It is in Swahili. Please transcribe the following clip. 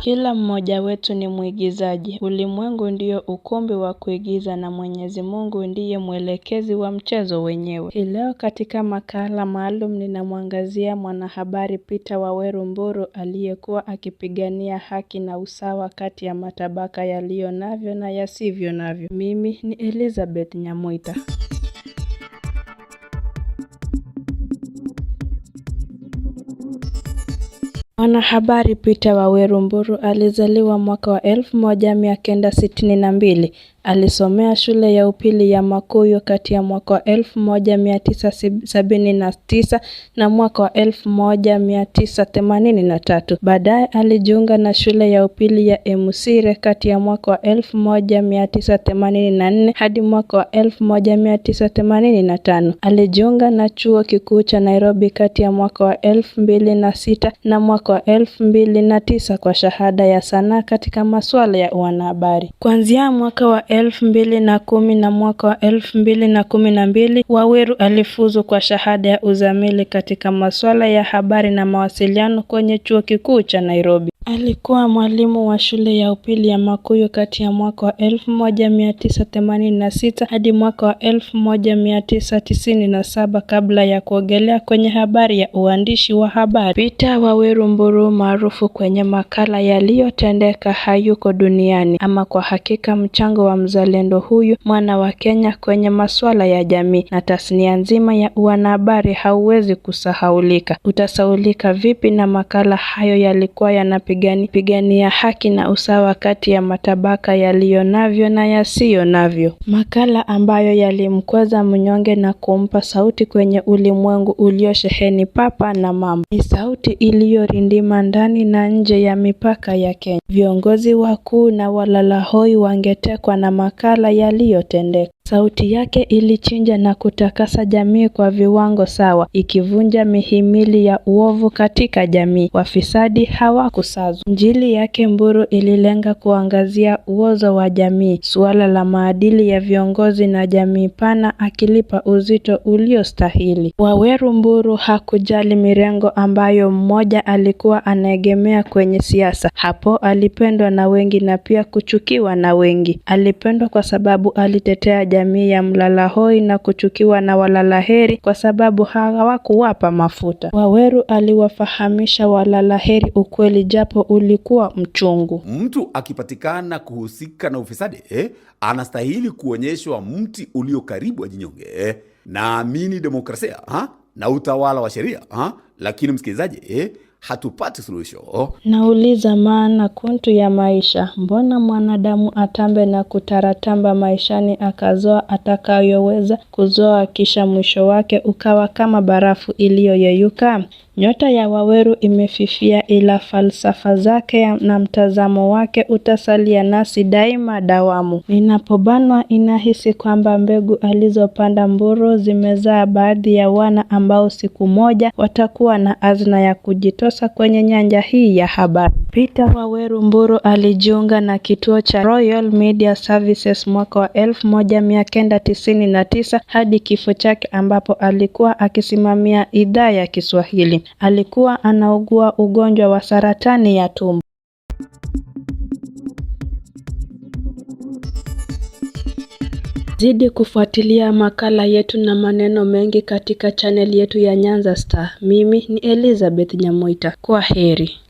Kila mmoja wetu ni mwigizaji. Ulimwengu ndio ukumbi wa kuigiza na Mwenyezi Mungu ndiye mwelekezi wa mchezo wenyewe. Hii leo katika makala maalum ninamwangazia mwanahabari Peter Waweru Mburu aliyekuwa akipigania haki na usawa kati ya matabaka yaliyo navyo na yasivyo navyo. Mimi ni Elizabeth nyamwita Mwanahabari Peter Waweru Mburu alizaliwa mwaka wa elfu moja mia kenda sitini na mbili Alisomea shule ya upili ya Makuyu kati ya mwaka wa elfu moja mia tisa sabini na tisa na mwaka wa elfu moja mia tisa na tatu. Baadaye alijiunga na shule ya upili ya Emusire kati ya mwaka wa elfu moja mia tisa na hadi mwaka wa elfu moja mia tisa na tano. Alijiunga na chuo kikuu cha Nairobi kati ya mwaka wa elfu mbili na sita na mwaka wa elfu mbili na tisa kwa shahada ya sanaa katika masuala ya uanahabari. Kuanzia mwaka wa elfu mbili na kumi na mwaka wa elfu mbili na kumi na mbili Waweru alifuzu kwa shahada ya uzamili katika masuala ya habari na mawasiliano kwenye Chuo Kikuu cha Nairobi. Alikuwa mwalimu wa shule ya upili ya Makuyu kati ya mwaka wa 1986 hadi mwaka wa 1997 kabla ya kuogelea kwenye habari ya uandishi wa habari. Peter Waweru Mburu maarufu kwenye makala yaliyotendeka hayuko duniani. Ama kwa hakika mchango wa mzalendo huyu mwana wa Kenya kwenye masuala ya jamii na tasnia nzima ya uanahabari hauwezi kusahaulika. Utasahaulika vipi na makala hayo yalikuwa yanapiga kupigania haki na usawa kati ya matabaka yaliyonavyo na yasiyo navyo, makala ambayo yalimkweza mnyonge na kumpa sauti kwenye ulimwengu uliosheheni papa na mama, Ni sauti iliyorindima ndani na nje ya mipaka ya Kenya. Viongozi wakuu na walalahoi wangetekwa na makala yaliyotendeka. Sauti yake ilichinja na kutakasa jamii kwa viwango sawa, ikivunja mihimili ya uovu katika jamii. Wafisadi hawakusazwa. Injili yake Mburu ililenga kuangazia uozo wa jamii, suala la maadili ya viongozi na jamii pana, akilipa uzito uliostahili. Waweru Mburu hakujali mirengo ambayo mmoja alikuwa anaegemea kwenye siasa. Hapo alipendwa na wengi na pia kuchukiwa na wengi. Alipendwa kwa sababu alitetea jamii ya Mlalahoi na kuchukiwa na Walalaheri kwa sababu hawakuwapa mafuta. Waweru aliwafahamisha Walalaheri ukweli japo ulikuwa mchungu. Mtu akipatikana kuhusika na ufisadi eh, anastahili kuonyeshwa mti ulio karibu ajinyonge eh. Naamini demokrasia ha? na utawala wa sheria ha? Lakini msikilizaji eh, hatupati suluhisho. Nauliza maana kuntu ya maisha, mbona mwanadamu atambe na kutaratamba maishani, akazoa atakayoweza kuzoa, kisha mwisho wake ukawa kama barafu iliyoyeyuka? Nyota ya Waweru imefifia ila falsafa zake na mtazamo wake utasalia nasi daima dawamu. Ninapobanwa inahisi kwamba mbegu alizopanda Mburu zimezaa baadhi ya wana ambao siku moja watakuwa na azna ya kujitosa kwenye nyanja hii ya habari. Peter Waweru Mburu alijiunga na kituo cha Royal Media Services mwaka wa 1999 hadi kifo chake ambapo alikuwa akisimamia idhaa ya Kiswahili alikuwa anaugua ugonjwa wa saratani ya tumbo. Zidi kufuatilia makala yetu na maneno mengi katika chaneli yetu ya Nyanza Star. Mimi ni Elizabeth Nyamoita. Kwa heri.